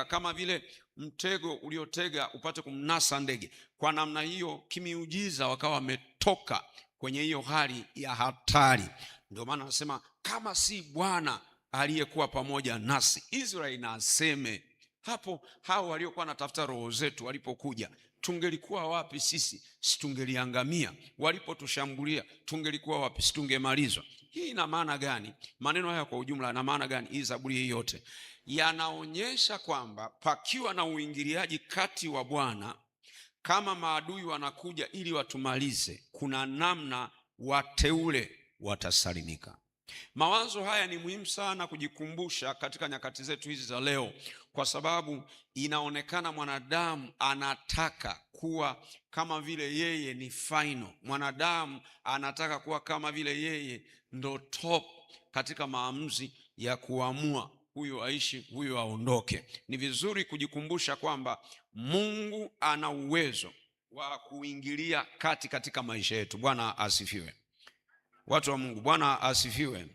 malaika kama vile mtego uliotega upate kumnasa ndege. Kwa namna hiyo kimiujiza wakawa wametoka kwenye hiyo hali ya hatari. Ndio maana anasema kama si Bwana aliyekuwa pamoja nasi, Israeli na aseme hapo, hao waliokuwa wanatafuta roho zetu walipokuja tungelikuwa wapi sisi? Si tungeliangamia? Walipotushambulia tungelikuwa wapi? Si tungemalizwa? Hii ina maana gani? Maneno haya kwa ujumla yana maana gani? Hii zaburi hii yote yanaonyesha kwamba pakiwa na uingiliaji kati wa Bwana, kama maadui wanakuja ili watumalize, kuna namna wateule watasalimika. Mawazo haya ni muhimu sana kujikumbusha katika nyakati zetu hizi za leo, kwa sababu inaonekana mwanadamu anataka kuwa kama vile yeye ni final. Mwanadamu anataka kuwa kama vile yeye ndo top katika maamuzi ya kuamua huyu aishi, huyu aondoke. Ni vizuri kujikumbusha kwamba Mungu ana uwezo wa kuingilia kati katika maisha yetu. Bwana asifiwe, watu wa Mungu. Bwana asifiwe.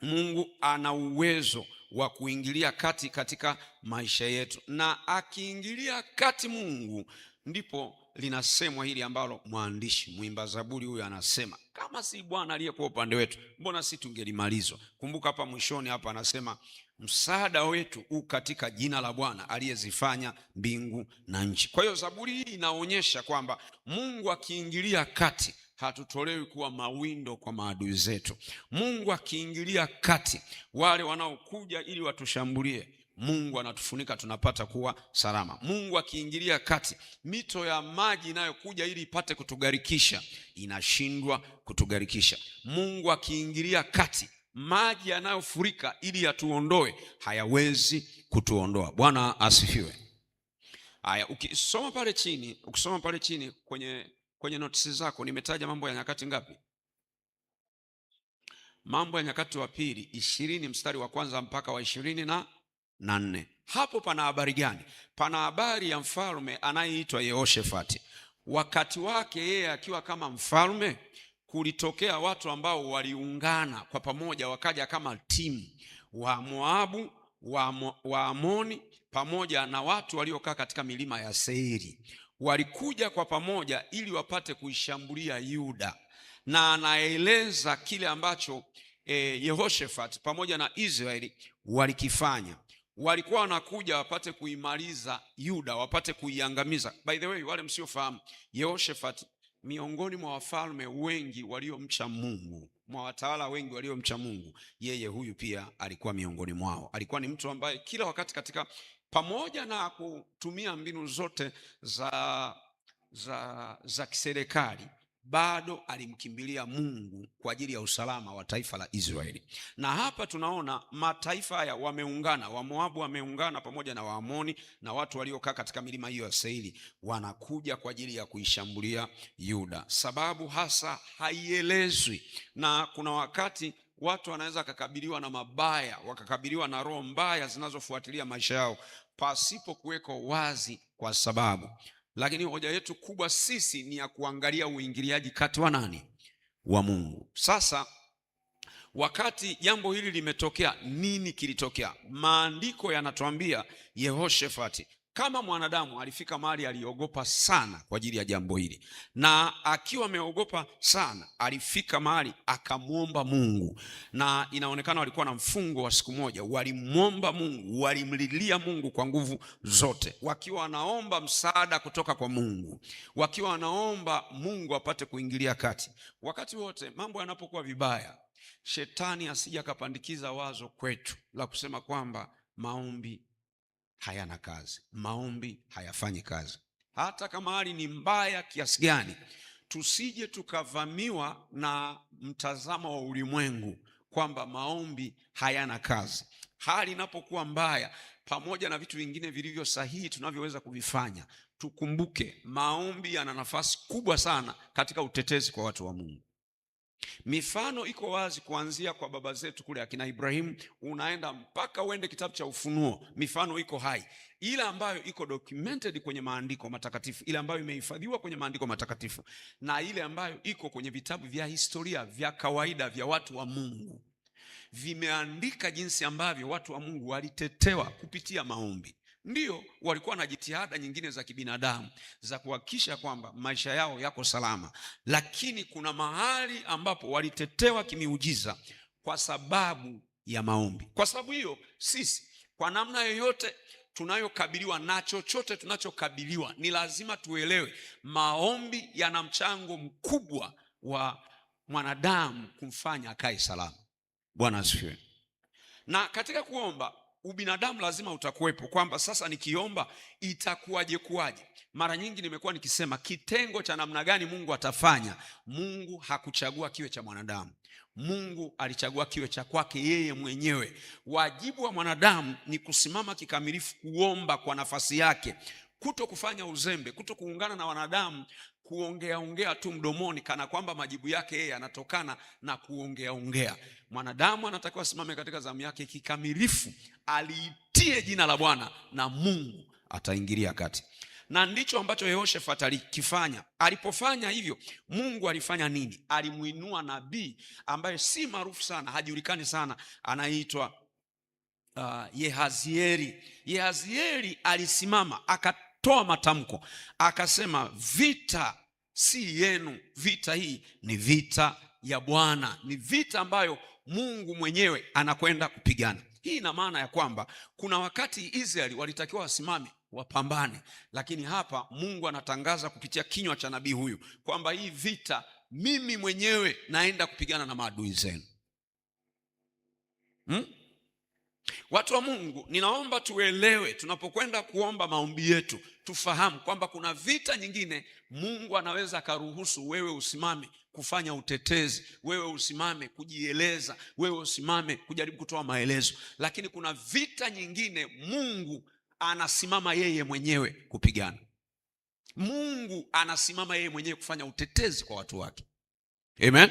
Mungu ana uwezo wa kuingilia kati katika maisha yetu, na akiingilia kati Mungu ndipo linasemwa hili ambalo mwandishi mwimba Zaburi huyu anasema, kama si Bwana aliyekuwa upande wetu, mbona si tungelimalizwa? Kumbuka hapa mwishoni hapa anasema msaada wetu u katika jina la Bwana aliyezifanya mbingu na nchi. Kwa hiyo Zaburi hii inaonyesha kwamba Mungu akiingilia kati hatutolewi kuwa mawindo kwa maadui zetu. Mungu akiingilia kati, wale wanaokuja ili watushambulie Mungu anatufunika tunapata kuwa salama. Mungu akiingilia kati, mito ya maji inayokuja ili ipate kutugarikisha inashindwa kutugarikisha. Mungu akiingilia kati, maji yanayofurika ili yatuondoe hayawezi kutuondoa. Bwana asifiwe. Haya, ukisoma pale chini, ukisoma pale chini kwenye kwenye notisi zako nimetaja Mambo ya Nyakati ngapi? Mambo ya Nyakati wa Pili ishirini mstari wa kwanza mpaka wa ishirini na na nne. Hapo pana habari gani? Pana habari ya mfalme anayeitwa Yehoshafati. Wakati wake yeye akiwa kama mfalme, kulitokea watu ambao waliungana kwa pamoja, wakaja kama timu, wa Moabu, wa amoni pamoja na watu waliokaa katika milima ya Seiri walikuja kwa pamoja ili wapate kuishambulia Yuda, na anaeleza kile ambacho e, eh, Yehoshafat pamoja na Israeli walikifanya walikuwa wanakuja wapate kuimaliza Yuda, wapate kuiangamiza. By the way, wale msiofahamu, yehoshafat miongoni mwa wafalme wengi waliomcha Mungu, mwa watawala wengi waliomcha Mungu, yeye huyu pia alikuwa miongoni mwao. Alikuwa ni mtu ambaye kila wakati katika, pamoja na kutumia mbinu zote za, za, za kiserikali bado alimkimbilia Mungu kwa ajili ya usalama wa taifa la Israeli. Na hapa tunaona mataifa haya wameungana, Wamoabu wameungana pamoja na Waamoni na watu waliokaa katika milima hiyo ya Seiri, wanakuja kwa ajili ya kuishambulia Yuda. Sababu hasa haielezwi, na kuna wakati watu wanaweza wakakabiliwa na mabaya, wakakabiliwa na roho mbaya zinazofuatilia maisha yao pasipo kuweko wazi kwa sababu lakini hoja yetu kubwa sisi ni ya kuangalia uingiliaji kati wa nani? Wa Mungu. Sasa wakati jambo hili limetokea, nini kilitokea? Maandiko yanatuambia Yehoshafati kama mwanadamu alifika mahali aliogopa sana kwa ajili ya jambo hili, na akiwa ameogopa sana, alifika mahali akamwomba Mungu, na inaonekana walikuwa na mfungo wa siku moja. Walimwomba Mungu, walimlilia Mungu kwa nguvu zote, wakiwa wanaomba msaada kutoka kwa Mungu, wakiwa wanaomba Mungu apate kuingilia kati. Wakati wote mambo yanapokuwa vibaya, shetani asija akapandikiza wazo kwetu la kusema kwamba maombi hayana kazi, maombi hayafanyi kazi. Hata kama hali ni mbaya kiasi gani, tusije tukavamiwa na mtazamo wa ulimwengu kwamba maombi hayana kazi. Hali inapokuwa mbaya, pamoja na vitu vingine vilivyo sahihi tunavyoweza kuvifanya, tukumbuke maombi yana nafasi kubwa sana katika utetezi kwa watu wa Mungu. Mifano iko wazi kuanzia kwa baba zetu kule akina Ibrahimu, unaenda mpaka uende kitabu cha Ufunuo. Mifano iko hai, ile ambayo iko documented kwenye maandiko matakatifu, ile ambayo imehifadhiwa kwenye maandiko matakatifu, na ile ambayo iko kwenye vitabu vya historia vya kawaida vya watu wa Mungu, vimeandika jinsi ambavyo watu wa Mungu walitetewa kupitia maombi. Ndiyo walikuwa na jitihada nyingine za kibinadamu za kuhakikisha kwamba maisha yao yako salama, lakini kuna mahali ambapo walitetewa kimiujiza kwa sababu ya maombi. Kwa sababu hiyo, sisi kwa namna yoyote tunayokabiliwa na chochote tunachokabiliwa, ni lazima tuelewe maombi yana mchango mkubwa wa mwanadamu kumfanya akae salama. Bwana asifiwe. Na katika kuomba ubinadamu lazima utakuwepo, kwamba sasa nikiomba itakuwaje kuwaje. Mara nyingi nimekuwa nikisema kitengo cha namna gani Mungu atafanya. Mungu hakuchagua kiwe cha mwanadamu, Mungu alichagua kiwe cha kwake yeye mwenyewe. Wajibu wa mwanadamu ni kusimama kikamilifu, kuomba kwa nafasi yake, kuto kufanya uzembe, kuto kuungana na wanadamu kuongea ongea tu mdomoni, kana kwamba majibu yake yeye yanatokana na kuongea ongea. Mwanadamu anatakiwa asimame katika zamu yake kikamilifu, aliitie jina la Bwana na Mungu ataingilia kati, na ndicho ambacho Yehoshafat alikifanya. Alipofanya hivyo, Mungu alifanya nini? Alimuinua nabii ambaye si maarufu sana, hajulikani sana, anaitwa uh, Yehazieli. Yehazieli alisimama akatoa matamko akasema, vita si yenu. Vita hii ni vita ya Bwana, ni vita ambayo Mungu mwenyewe anakwenda kupigana. Hii ina maana ya kwamba kuna wakati Israeli walitakiwa wasimame wapambane, lakini hapa Mungu anatangaza kupitia kinywa cha nabii huyu kwamba hii vita mimi mwenyewe naenda kupigana na maadui zenu hmm? Watu wa Mungu, ninaomba tuelewe, tunapokwenda kuomba maombi yetu tufahamu kwamba kuna vita nyingine Mungu anaweza akaruhusu wewe usimame kufanya utetezi, wewe usimame kujieleza, wewe usimame kujaribu kutoa maelezo, lakini kuna vita nyingine Mungu anasimama yeye mwenyewe kupigana. Mungu anasimama yeye mwenyewe kufanya utetezi kwa watu wake. Amen.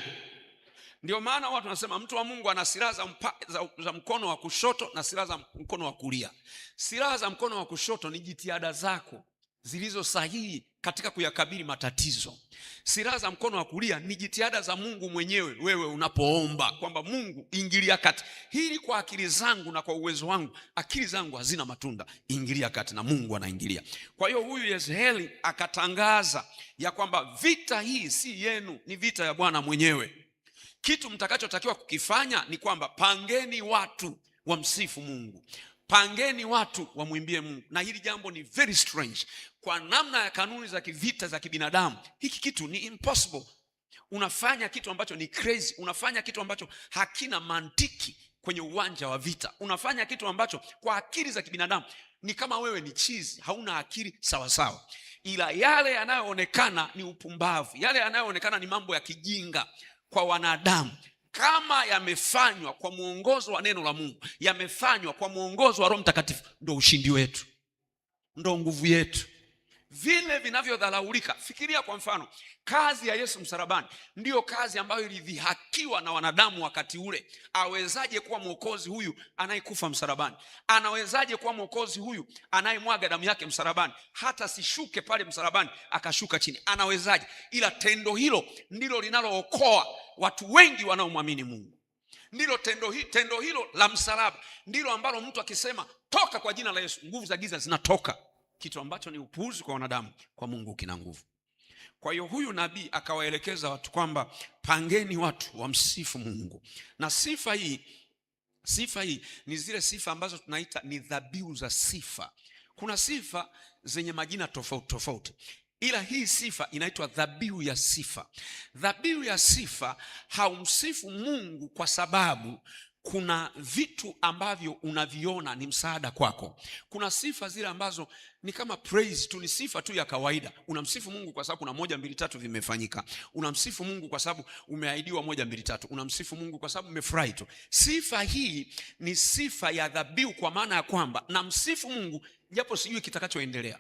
Ndio maana watu wanasema mtu wa Mungu ana silaha za, za, za mkono wa kushoto na silaha za mkono wa kulia. Silaha za mkono wa kushoto ni jitihada zako zilizo sahihi katika kuyakabili matatizo. Silaha za mkono wa kulia ni jitihada za Mungu mwenyewe, wewe unapoomba kwamba Mungu ingilia kati hili, kwa akili zangu na kwa uwezo wangu, akili zangu hazina matunda, ingilia kati, na Mungu anaingilia. Kwa hiyo huyu Yezreeli akatangaza ya kwamba vita hii si yenu, ni vita ya Bwana mwenyewe. Kitu mtakachotakiwa kukifanya ni kwamba pangeni watu wamsifu Mungu, pangeni watu wamwimbie Mungu. Na hili jambo ni very strange kwa namna ya kanuni za kivita za kibinadamu, hiki kitu ni impossible. Unafanya kitu ambacho ni crazy, unafanya kitu ambacho hakina mantiki kwenye uwanja wa vita, unafanya kitu ambacho kwa akili za kibinadamu ni kama wewe ni chizi, hauna akili sawasawa, ila yale yanayoonekana ni upumbavu, yale yanayoonekana ni mambo ya kijinga kwa wanadamu kama yamefanywa kwa mwongozo wa neno la Mungu, yamefanywa kwa mwongozo wa Roho Mtakatifu, ndo ushindi wetu, ndo nguvu yetu vile vinavyodharaulika. Fikiria kwa mfano, kazi ya Yesu msalabani ndiyo kazi ambayo ilidhihakiwa na wanadamu wakati ule. Awezaje kuwa mwokozi huyu anayekufa msalabani? Anawezaje kuwa mwokozi huyu anayemwaga damu yake msalabani? Hata sishuke pale msalabani, akashuka chini, anawezaje? Ila tendo hilo ndilo linalookoa watu wengi wanaomwamini Mungu. Ndilo tendo, hi, tendo hilo la msalaba ndilo ambalo mtu akisema toka kwa jina la Yesu, nguvu za giza zinatoka kitu ambacho ni upuuzi kwa wanadamu, kwa Mungu kina nguvu. Kwa hiyo huyu nabii akawaelekeza watu kwamba pangeni watu wamsifu Mungu, na sifa hii sifa hii ni zile sifa ambazo tunaita ni dhabihu za sifa. Kuna sifa zenye majina tofauti tofauti, ila hii sifa inaitwa dhabihu ya sifa. Dhabihu ya sifa haumsifu Mungu kwa sababu kuna vitu ambavyo unaviona ni msaada kwako. Kuna sifa zile ambazo ni kama praise tu, ni sifa tu ya kawaida. Unamsifu Mungu kwa sababu kuna moja mbili tatu vimefanyika. Unamsifu Mungu kwa sababu umeahidiwa moja mbili tatu. Unamsifu Mungu kwa sababu umefurahi tu. Sifa hii ni sifa ya dhabihu, kwa maana ya kwamba namsifu Mungu japo sijui kitakachoendelea,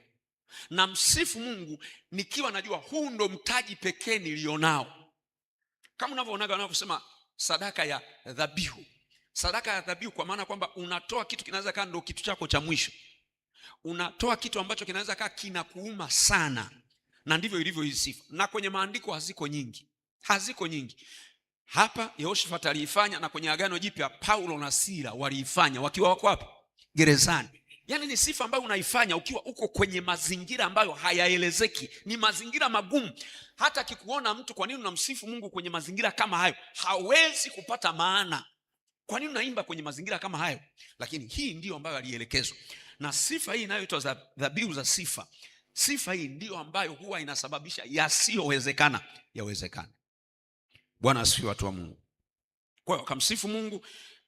namsifu Mungu nikiwa najua huu ndo mtaji pekee nilionao, kama unavyoonaga wanavyosema sadaka ya dhabihu sadaka ya dhabihu, kwa maana kwamba unatoa kitu kinaweza kaa ndo kitu chako cha mwisho, unatoa kitu ambacho kinaweza kaa kinakuuma sana, na ndivyo ilivyo hizi sifa, na kwenye maandiko haziko nyingi, haziko nyingi. Hapa Yehoshafati aliifanya na kwenye Agano Jipya Paulo na Sila waliifanya wakiwa wako hapa Gerezani. Yaani ni sifa ambayo unaifanya ukiwa uko kwenye mazingira ambayo hayaelezeki, ni mazingira magumu. Hata akikuona mtu, kwa nini unamsifu Mungu kwenye mazingira kama hayo? Hawezi kupata maana. Kwa nini unaimba kwenye mazingira kama hayo? Lakini hii ndiyo ambayo alielekezwa, na sifa hii inayoitwa dhabihu za sifa, sifa hii ndiyo ambayo huwa inasababisha yasiyowezekana yawezekane. Bwana asifi watu wa Mungu. Kwa hiyo akamsifu Mungu.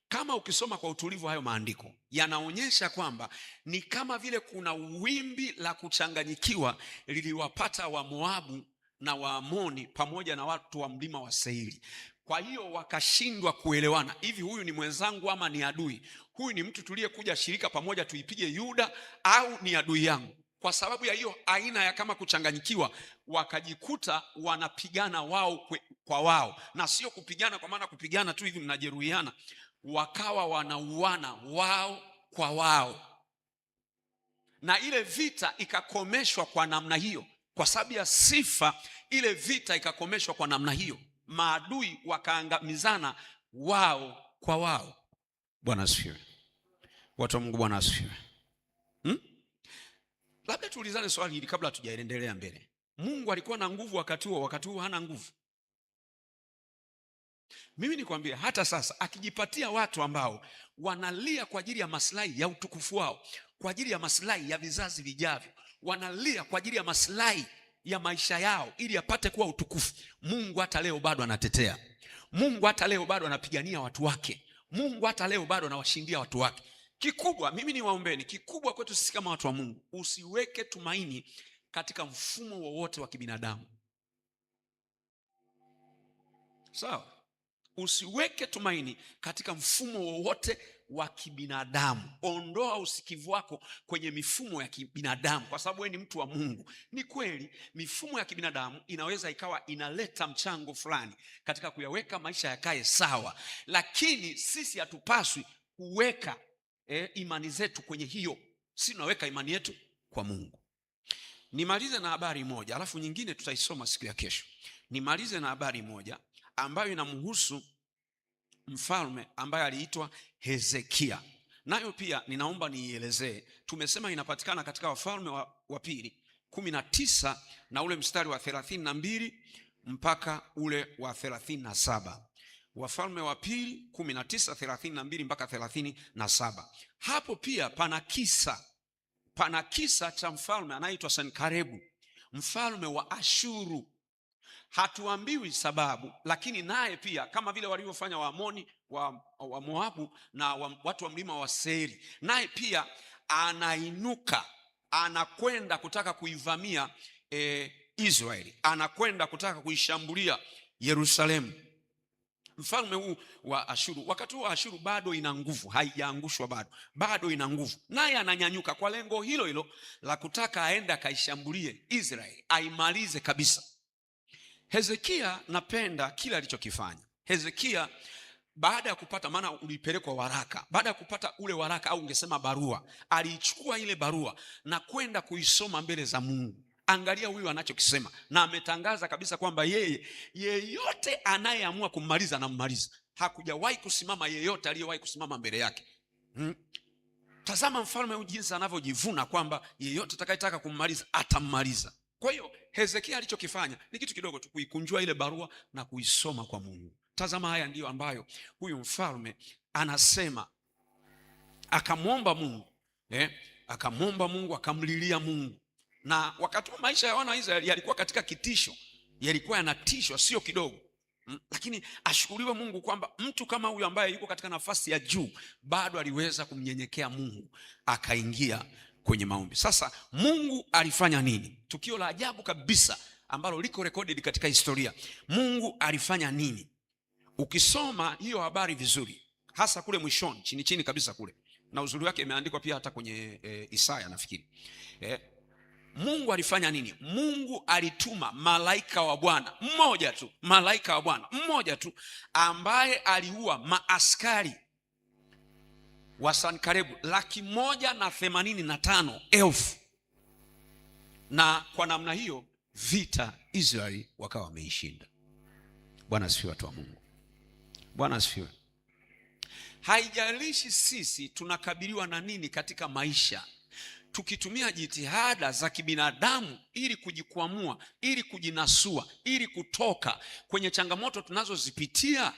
Kama ukisoma kwa utulivu hayo maandiko yanaonyesha kwamba ni kama vile kuna wimbi la kuchanganyikiwa liliwapata wa Moabu na Waamoni pamoja na watu wa mlima wa Seiri. Kwa hiyo wakashindwa kuelewana, hivi huyu ni mwenzangu ama ni adui? Huyu ni mtu tuliyekuja shirika pamoja tuipige Yuda au ni adui yangu? Kwa sababu ya hiyo aina ya kama kuchanganyikiwa, wakajikuta wanapigana wao kwa wao, na sio kupigana kwa maana kupigana tu hivi mnajeruhiana, wakawa wanauana wao kwa wao, na ile vita ikakomeshwa kwa namna hiyo. Kwa sababu ya sifa, ile vita ikakomeshwa kwa namna hiyo maadui wakaangamizana wao kwa wao. Bwana asifiwe, watu wa Mungu, Bwana asifiwe. hmm? Labda tuulizane swali hili kabla hatujaendelea mbele. Mungu alikuwa na nguvu wakati huo, wakati huo hana nguvu? Mimi nikwambie, hata sasa akijipatia watu ambao wanalia kwa ajili ya maslahi ya utukufu wao, kwa ajili ya maslahi ya vizazi vijavyo, wanalia kwa ajili ya maslahi ya maisha yao ili apate kuwa utukufu. Mungu hata leo bado anatetea. Mungu hata leo bado anapigania watu wake. Mungu hata leo bado anawashindia watu wake. Kikubwa mimi ni waombeni, kikubwa kwetu sisi kama watu wa Mungu, usiweke tumaini katika mfumo wowote wa, wa kibinadamu sawa. Usiweke tumaini katika mfumo wowote wa kibinadamu. Ondoa usikivu wako kwenye mifumo ya kibinadamu, kwa sababu wewe ni mtu wa Mungu. Ni kweli mifumo ya kibinadamu inaweza ikawa inaleta mchango fulani katika kuyaweka maisha yakae sawa, lakini sisi hatupaswi kuweka eh, imani zetu kwenye hiyo. Sisi tunaweka imani yetu kwa Mungu. Nimalize na habari moja alafu nyingine tutaisoma siku ya kesho. Nimalize na habari moja ambayo inamhusu mfalme ambaye aliitwa Hezekia. Nayo pia ninaomba niielezee. Tumesema inapatikana katika Wafalme wa, wa Pili kumi na tisa na ule mstari wa thelathini na mbili mpaka ule wa thelathini na saba Wafalme wa Pili kumi na tisa thelathini na mbili mpaka thelathini na saba Hapo pia pana kisa, pana kisa cha mfalme anayeitwa Sankarebu mfalme wa Ashuru hatuambiwi sababu, lakini naye pia kama vile walivyofanya Waamoni wa, wa Moabu na wa, watu wa mlima wa Seiri, naye pia anainuka anakwenda kutaka kuivamia e, Israeli, anakwenda kutaka kuishambulia Yerusalemu. Mfalme huu wa Ashuru, wakati huu wa Ashuru bado ina nguvu, haijaangushwa bado, bado ina nguvu, naye ananyanyuka kwa lengo hilo hilo la kutaka aende akaishambulie Israeli, aimalize kabisa. Hezekia napenda kila alichokifanya Hezekia baada ya kupata, maana ulipelekwa waraka. Baada ya kupata ule waraka au ungesema barua, aliichukua ile barua na kwenda kuisoma mbele za Mungu. Angalia huyu anachokisema, na ametangaza kabisa kwamba yeye yeyote anayeamua kummaliza anammaliza. Hakujawahi kusimama yeyote aliyewahi kusimama mbele yake hmm. Tazama mfalme huyu jinsi anavyojivuna kwamba yeyote atakayetaka kummaliza atammaliza. Kwa hiyo Hezekia alichokifanya ni kitu kidogo tu, kuikunjua ile barua na kuisoma kwa Mungu. Tazama, haya ndiyo ambayo huyu mfalme anasema, akamwomba Mungu eh, akamwomba Mungu, akamlilia Mungu. Na wakati maisha ya wana wa Israeli yalikuwa katika kitisho, yalikuwa yanatishwa sio kidogo. Hmm. Lakini ashukuriwe Mungu kwamba mtu kama huyu ambaye yuko katika nafasi ya juu bado aliweza kumnyenyekea Mungu akaingia kwenye maombi. Sasa Mungu alifanya nini? Tukio la ajabu kabisa ambalo liko recorded katika historia. Mungu alifanya nini? Ukisoma hiyo habari vizuri, hasa kule mwishoni chini chini kabisa kule, na uzuri wake imeandikwa pia hata kwenye e, Isaya nafikiri e, Mungu alifanya nini? Mungu alituma malaika wa Bwana mmoja tu, malaika wa Bwana mmoja tu ambaye aliua maaskari wa Karebu laki moja na themanini na tano elfu na kwa namna hiyo vita Israeli wakawa wameishinda. Bwana asifiwe, watu wa Mungu. Bwana asifiwe. Haijalishi sisi tunakabiliwa na nini katika maisha, tukitumia jitihada za kibinadamu ili kujikwamua, ili kujinasua, ili kutoka kwenye changamoto tunazozipitia,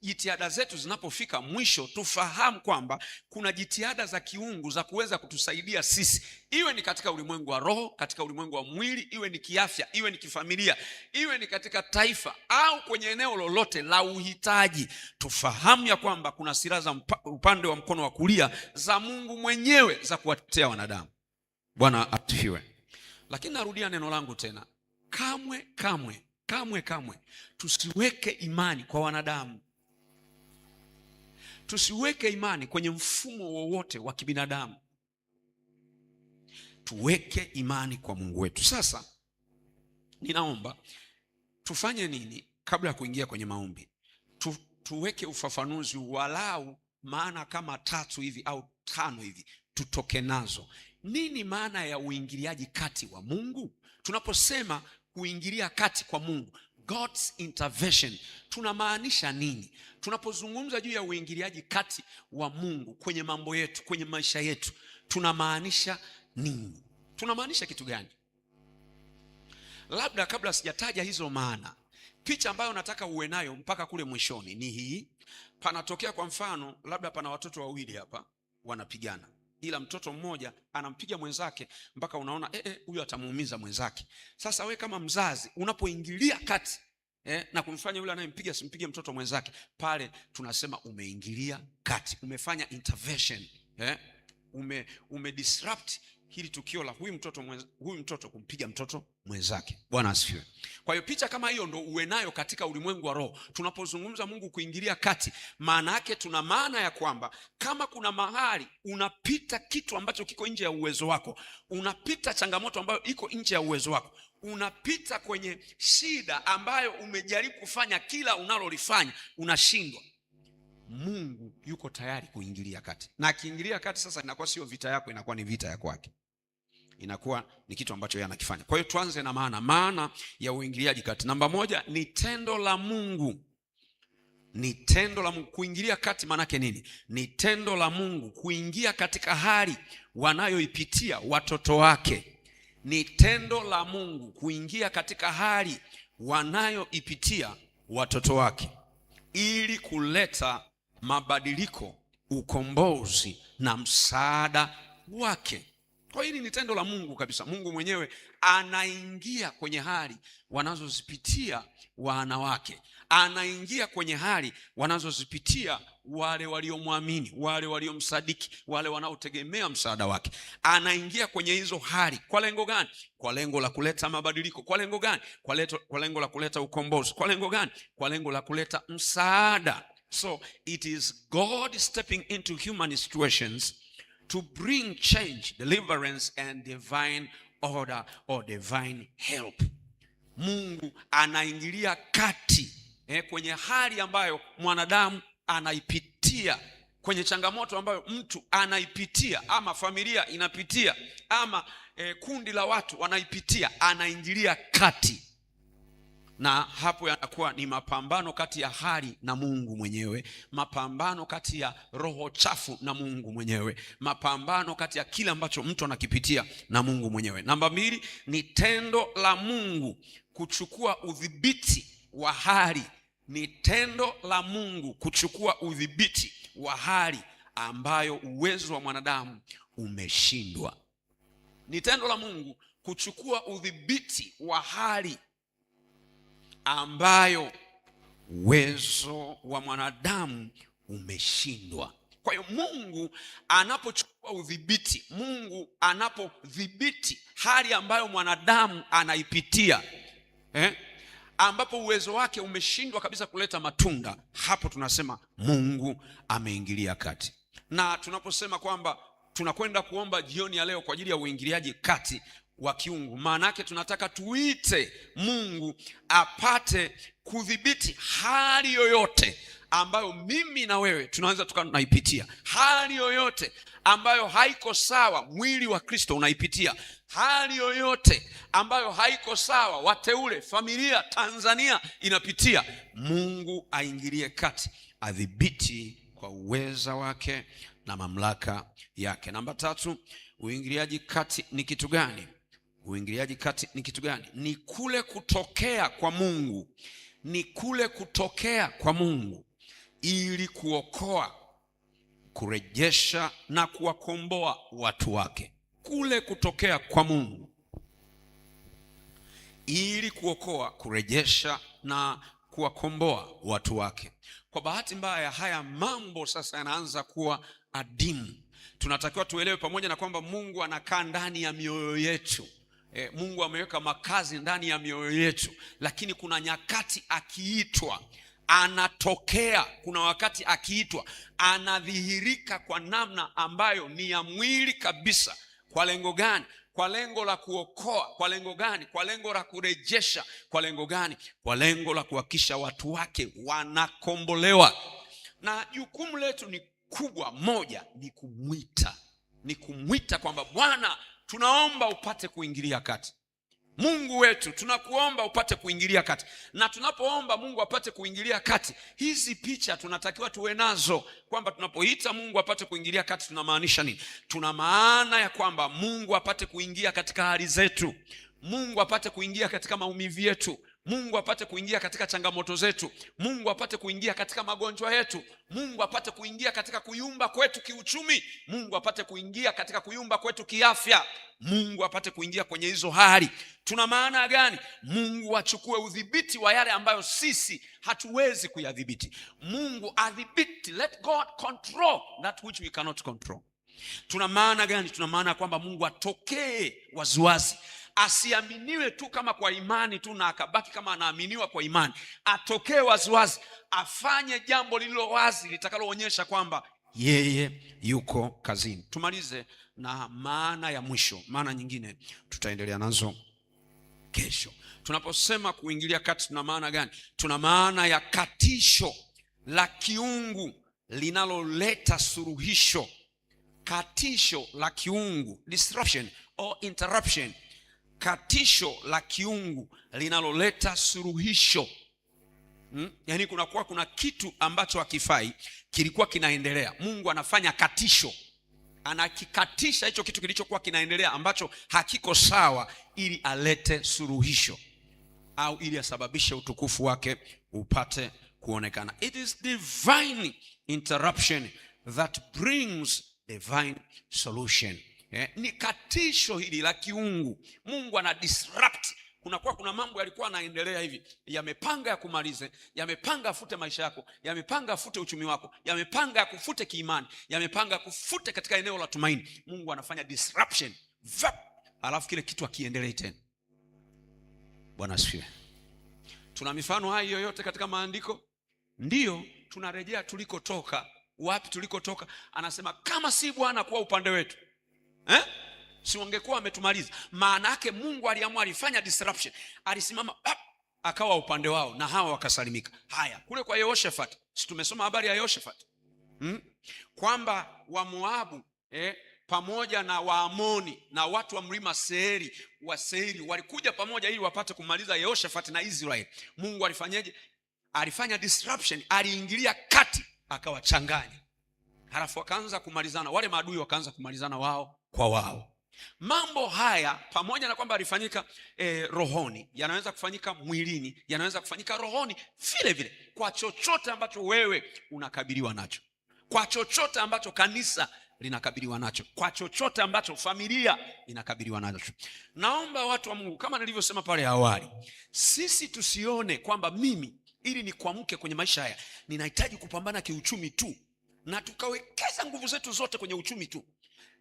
jitihada zetu zinapofika mwisho, tufahamu kwamba kuna jitihada za kiungu za kuweza kutusaidia sisi, iwe ni katika ulimwengu wa roho, katika ulimwengu wa mwili, iwe ni kiafya, iwe ni kifamilia, iwe ni katika taifa au kwenye eneo lolote la uhitaji. Tufahamu ya kwamba kuna silaha za upande wa mkono wa kulia za Mungu mwenyewe za kuwatetea wanadamu. Bwana atufiwe. Lakini narudia neno langu tena, kamwe kamwe kamwe kamwe tusiweke imani kwa wanadamu. Tusiweke imani kwenye mfumo wowote wa kibinadamu, tuweke imani kwa Mungu wetu. Sasa ninaomba tufanye nini kabla ya kuingia kwenye maombi? Tu, tuweke ufafanuzi walau maana kama tatu hivi au tano hivi tutoke nazo. Nini maana ya uingiliaji kati wa Mungu? Tunaposema kuingilia kati kwa Mungu, God's intervention. Tunamaanisha nini tunapozungumza juu ya uingiliaji kati wa Mungu kwenye mambo yetu, kwenye maisha yetu? Tunamaanisha nini? Tunamaanisha kitu gani? Labda kabla sijataja hizo maana, picha ambayo nataka uwe nayo mpaka kule mwishoni ni hii. Panatokea kwa mfano, labda pana watoto wawili hapa wanapigana ila mtoto mmoja anampiga mwenzake mpaka unaona eh, eh huyo atamuumiza mwenzake. Sasa we kama mzazi unapoingilia kati eh, na kumfanya yule anayempiga simpige mtoto mwenzake, pale tunasema umeingilia kati, umefanya intervention eh, ume, ume disrupt hili tukio la huyu mtoto huyu mtoto kumpiga mtoto mwenzake. Bwana asifiwe. Kwa hiyo picha kama hiyo ndo uwe nayo katika ulimwengu wa roho. Tunapozungumza Mungu kuingilia kati, maana yake tuna maana ya kwamba kama kuna mahali unapita kitu ambacho kiko nje ya uwezo wako, unapita changamoto ambayo iko nje ya uwezo wako, unapita kwenye shida ambayo umejaribu kufanya kila unalolifanya unashindwa, Mungu yuko tayari kuingilia kati, na akiingilia kati sasa inakuwa sio vita yako, inakuwa ni vita ya kwake inakuwa ni kitu ambacho yeye anakifanya. Kwa hiyo tuanze na maana. Maana ya uingiliaji kati, namba moja, ni tendo la Mungu, ni tendo la Mungu. Kuingilia kati maanake nini? Ni tendo la Mungu kuingia katika hali wanayoipitia watoto wake. Ni tendo la Mungu kuingia katika hali wanayoipitia watoto wake ili kuleta mabadiliko, ukombozi na msaada wake. Kwa hili ni tendo la Mungu kabisa. Mungu mwenyewe anaingia kwenye hali wanazozipitia wanawake, anaingia kwenye hali wanazozipitia wale waliomwamini, wale waliomsadiki, wale wanaotegemea msaada wake. Anaingia kwenye hizo hali kwa lengo gani? Kwa lengo la kuleta mabadiliko. Kwa lengo gani? Kwa, leto, kwa lengo la kuleta ukombozi. Kwa lengo gani? Kwa lengo la kuleta msaada. So it is God stepping into human situations to bring change, deliverance and divine order or divine help. Mungu anaingilia kati eh, kwenye hali ambayo mwanadamu anaipitia, kwenye changamoto ambayo mtu anaipitia ama familia inapitia ama eh, kundi la watu wanaipitia, anaingilia kati na hapo yanakuwa ni mapambano kati ya hali na Mungu mwenyewe, mapambano kati ya roho chafu na Mungu mwenyewe, mapambano kati ya kile ambacho mtu anakipitia na Mungu mwenyewe. Namba mbili ni tendo la Mungu kuchukua udhibiti wa hali, ni tendo la Mungu kuchukua udhibiti wa hali ambayo uwezo wa mwanadamu umeshindwa. Ni tendo la Mungu kuchukua udhibiti wa hali ambayo uwezo wa mwanadamu umeshindwa. Kwa hiyo Mungu anapochukua udhibiti, Mungu anapodhibiti hali ambayo mwanadamu anaipitia eh, ambapo uwezo wake umeshindwa kabisa kuleta matunda, hapo tunasema Mungu ameingilia kati. Na tunaposema kwamba tunakwenda kuomba jioni ya leo kwa ajili ya uingiliaji kati, wa kiungu. Maana yake tunataka tuite Mungu apate kudhibiti hali yoyote ambayo mimi na wewe tunaweza tukawa tunaipitia, hali yoyote ambayo haiko sawa, mwili wa Kristo unaipitia, hali yoyote ambayo haiko sawa, wateule, familia, Tanzania inapitia. Mungu aingilie kati, adhibiti kwa uweza wake na mamlaka yake. Namba tatu, uingiliaji kati ni kitu gani? Uingiliaji kati ni kitu gani? Ni kule kutokea kwa Mungu, ni kule kutokea kwa Mungu ili kuokoa, kurejesha na kuwakomboa watu wake. Kule kutokea kwa Mungu ili kuokoa, kurejesha na kuwakomboa watu wake. Kwa bahati mbaya, haya mambo sasa yanaanza kuwa adimu. Tunatakiwa tuelewe, pamoja na kwamba Mungu anakaa ndani ya mioyo yetu E, Mungu ameweka makazi ndani ya mioyo yetu, lakini kuna nyakati akiitwa anatokea, kuna wakati akiitwa anadhihirika kwa namna ambayo ni ya mwili kabisa. Kwa lengo gani? Kwa lengo la kuokoa. Kwa lengo gani? Kwa lengo la kurejesha. Kwa lengo gani? Kwa lengo la kuhakikisha watu wake wanakombolewa. Na jukumu letu ni kubwa, moja ni kumwita, ni kumwita kwamba Bwana tunaomba upate kuingilia kati. Mungu wetu, tunakuomba upate kuingilia kati, na tunapoomba Mungu apate kuingilia kati, hizi picha tunatakiwa tuwe nazo, kwamba tunapoita Mungu apate kuingilia kati tunamaanisha nini? Tuna maana ya kwamba Mungu apate kuingia katika hali zetu, Mungu apate kuingia katika maumivu yetu, Mungu apate kuingia katika changamoto zetu, Mungu apate kuingia katika magonjwa yetu, Mungu apate kuingia katika kuyumba kwetu kiuchumi, Mungu apate kuingia katika kuyumba kwetu kiafya, Mungu apate kuingia kwenye hizo hali. Tuna maana gani? Mungu achukue udhibiti wa yale ambayo sisi hatuwezi kuyadhibiti. Mungu adhibiti, let God control that which we cannot control. Tuna maana gani? Tuna maana ya kwamba Mungu atokee waziwazi asiaminiwe tu kama kwa imani tu na akabaki kama anaaminiwa kwa imani, atokee waziwazi, afanye jambo lililo wazi litakaloonyesha kwamba yeye yuko kazini. Tumalize na maana ya mwisho. Maana nyingine tutaendelea nazo kesho. Tunaposema kuingilia kati, tuna maana gani? Tuna maana ya katisho la kiungu linaloleta suruhisho katisho la kiungu disruption or interruption katisho la kiungu linaloleta suluhisho hmm? Yaani kunakuwa kuna kitu ambacho hakifai kilikuwa kinaendelea, Mungu anafanya katisho, anakikatisha hicho kitu kilichokuwa kinaendelea ambacho hakiko sawa, ili alete suluhisho au ili asababishe utukufu wake upate kuonekana. It is divine interruption that brings divine solution eh, ni katisho hili la kiungu. Mungu ana disrupt kunakuwa kuna mambo yalikuwa yanaendelea hivi, yamepanga ya kumalize, yamepanga afute maisha yako, yamepanga afute uchumi wako, yamepanga yakufute kiimani, yamepanga yakufute katika eneo la tumaini. Mungu anafanya disruption vap, alafu kile kitu akiendelee tena. Bwana asifiwe. Tuna mifano hai yoyote katika maandiko? Ndiyo, tunarejea tulikotoka. Wapi tulikotoka? Anasema kama si Bwana kuwa upande wetu eh? Si wangekuwa wametumaliza. Maana yake Mungu aliamua, alifanya disruption, alisimama ah, akawa upande wao na hawa wakasalimika. Haya, kule kwa Yehoshafat, si tumesoma habari ya Yehoshafat hmm? kwamba Wamoabu eh, pamoja na Waamoni na watu wa mlima Seiri wa Seiri walikuja pamoja ili wapate kumaliza Yehoshafat na Israeli. Mungu alifanyaje? Alifanya disruption, aliingilia kati akawachanganya, halafu wakaanza kumalizana, wale maadui wakaanza kumalizana wao kwa wao. Mambo haya pamoja na kwamba alifanyika eh, rohoni, yanaweza kufanyika mwilini, yanaweza kufanyika rohoni vile vile, kwa chochote ambacho wewe unakabiliwa nacho, kwa chochote ambacho kanisa linakabiliwa nacho, kwa chochote ambacho familia inakabiliwa nacho. Naomba watu wa Mungu, kama nilivyosema pale awali, sisi tusione kwamba mimi ili nikwamke kwenye maisha haya ninahitaji kupambana kiuchumi tu, na tukawekeza nguvu zetu zote kwenye uchumi tu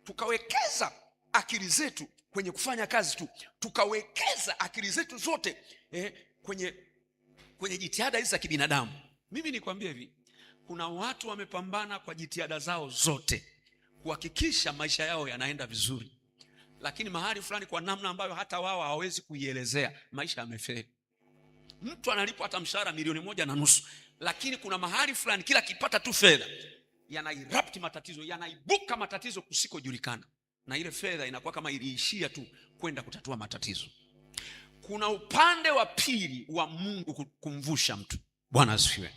tukawekeza akili zetu kwenye kufanya kazi tu, tukawekeza akili zetu zote eh, kwenye, kwenye jitihada hizi za kibinadamu. Mimi nikwambie hivi, kuna watu wamepambana kwa jitihada zao zote kuhakikisha maisha yao yanaenda vizuri, lakini mahali fulani, kwa namna ambayo hata wao hawawezi kuielezea, maisha yamefeli. Mtu analipwa hata mshahara milioni moja na nusu, lakini kuna mahali fulani kila akipata tu fedha yanairapti matatizo, yanaibuka matatizo kusikojulikana, na ile fedha inakuwa kama iliishia tu kwenda kutatua matatizo. Kuna upande wa pili wa Mungu kumvusha mtu. Bwana asifiwe.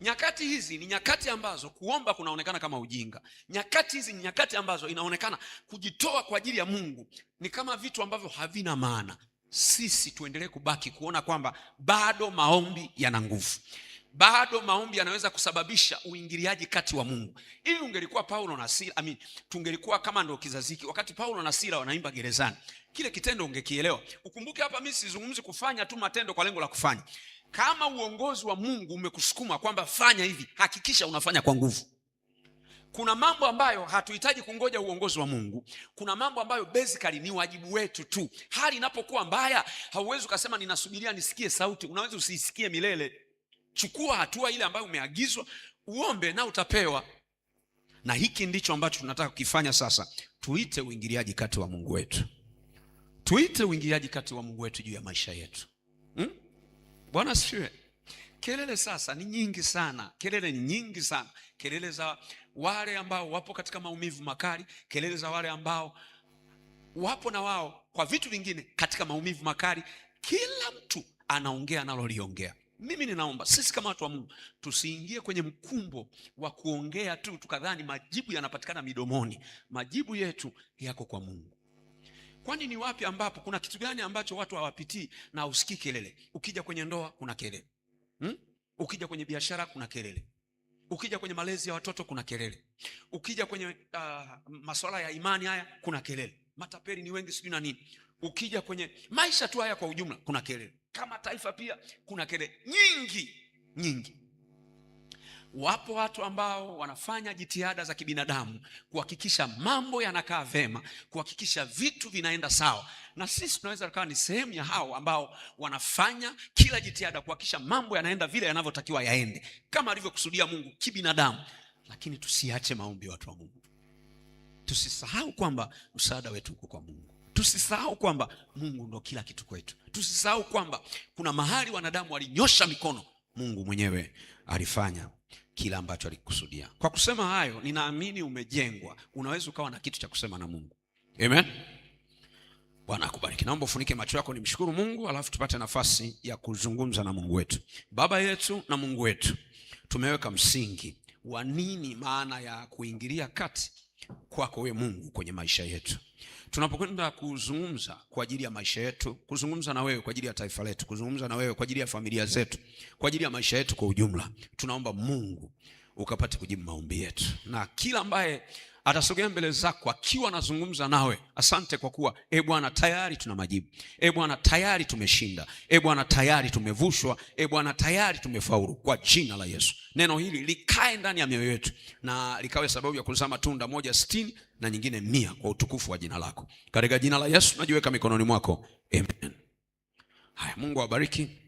Nyakati hizi ni nyakati ambazo kuomba kunaonekana kama ujinga. Nyakati hizi ni nyakati ambazo inaonekana kujitoa kwa ajili ya Mungu ni kama vitu ambavyo havina maana. Sisi tuendelee kubaki kuona kwamba bado maombi yana nguvu bado maombi yanaweza kusababisha uingiliaji kati wa Mungu. Hivi ungelikuwa Paulo na Sila, I mean, tungelikuwa kama ndo kizaziki wakati Paulo na Sila wanaimba gerezani, kile kitendo ungekielewa. Ukumbuke hapa, mimi sizungumzi kufanya tu matendo kwa lengo la kufanya. Kama uongozi wa Mungu umekusukuma kwamba fanya hivi, hakikisha unafanya kwa nguvu. Kuna mambo ambayo hatuhitaji kungoja uongozi wa Mungu. Kuna mambo ambayo basically ni wajibu wetu tu. Hali inapokuwa mbaya, hauwezi ukasema ninasubiria nisikie sauti. Unaweza usiisikie milele. Chukua hatua ile ambayo umeagizwa, uombe na utapewa. Na hiki ndicho ambacho tunataka kukifanya sasa. Tuite uingiliaji kati wa Mungu wetu, tuite uingiliaji kati wa Mungu wetu juu ya maisha yetu hmm? Bwana asifiwe. Kelele sasa ni nyingi sana, kelele ni nyingi sana, kelele za wale ambao wapo katika maumivu makali, kelele za wale ambao wapo na wao kwa vitu vingine katika maumivu makali. Kila mtu anaongea analoliongea. Mimi ninaomba sisi kama watu wa Mungu tusiingie kwenye mkumbo wa kuongea tu tukadhani majibu yanapatikana midomoni. Majibu yetu yako kwa Mungu. Kwani ni wapi ambapo kuna kitu gani ambacho watu hawapitii na usikii kelele? Ukija kwenye ndoa kuna kelele. Hmm? Ukija kwenye biashara kuna kelele. Ukija kwenye malezi ya watoto kuna kelele. Ukija kwenye uh, ah, masuala ya imani haya kuna kelele. Matapeli ni wengi sijui na nini. Ukija kwenye maisha tu haya kwa ujumla kuna kelele kama taifa pia kuna kelele nyingi nyingi. Wapo watu ambao wanafanya jitihada za kibinadamu kuhakikisha mambo yanakaa vema, kuhakikisha vitu vinaenda sawa, na sisi tunaweza tukawa ni sehemu ya hao ambao wanafanya kila jitihada kuhakikisha mambo yanaenda vile yanavyotakiwa yaende, kama alivyokusudia Mungu kibinadamu. Lakini tusiache maombi, watu wa Mungu, tusisahau kwamba msaada wetu uko kwa Mungu. Tusisahau kwamba Mungu ndo kila kitu kwetu. Tusisahau kwamba kuna mahali wanadamu walinyosha mikono, Mungu mwenyewe alifanya kila ambacho alikusudia. Kwa kusema hayo, ninaamini umejengwa. Unaweza ukawa na kitu cha kusema na Mungu. Amen. Bwana akubariki. Naomba ufunike macho yako, nimshukuru Mungu, alafu tupate nafasi ya kuzungumza na Mungu wetu. Baba yetu na Mungu wetu, tumeweka msingi wa nini maana ya kuingilia kati kwako we Mungu kwenye maisha yetu. Tunapokwenda kuzungumza kwa ajili ya maisha yetu, kuzungumza na wewe kwa ajili ya taifa letu, kuzungumza na wewe kwa ajili ya familia zetu, kwa ajili ya maisha yetu kwa ujumla, tunaomba Mungu ukapate kujibu maombi yetu, na kila ambaye atasogea mbele zako akiwa anazungumza nawe. Asante kwa kuwa, e Bwana, tayari tuna majibu. E Bwana, tayari tumeshinda. E Bwana, tayari tumevushwa. E Bwana, tayari tumefaulu kwa jina la Yesu. Neno hili likae ndani ya mioyo yetu na likawe sababu ya kuzaa matunda, moja stini na nyingine mia, kwa utukufu wa jina lako, katika jina la Yesu najiweka mikononi mwako, amen. Haya, Mungu awabariki.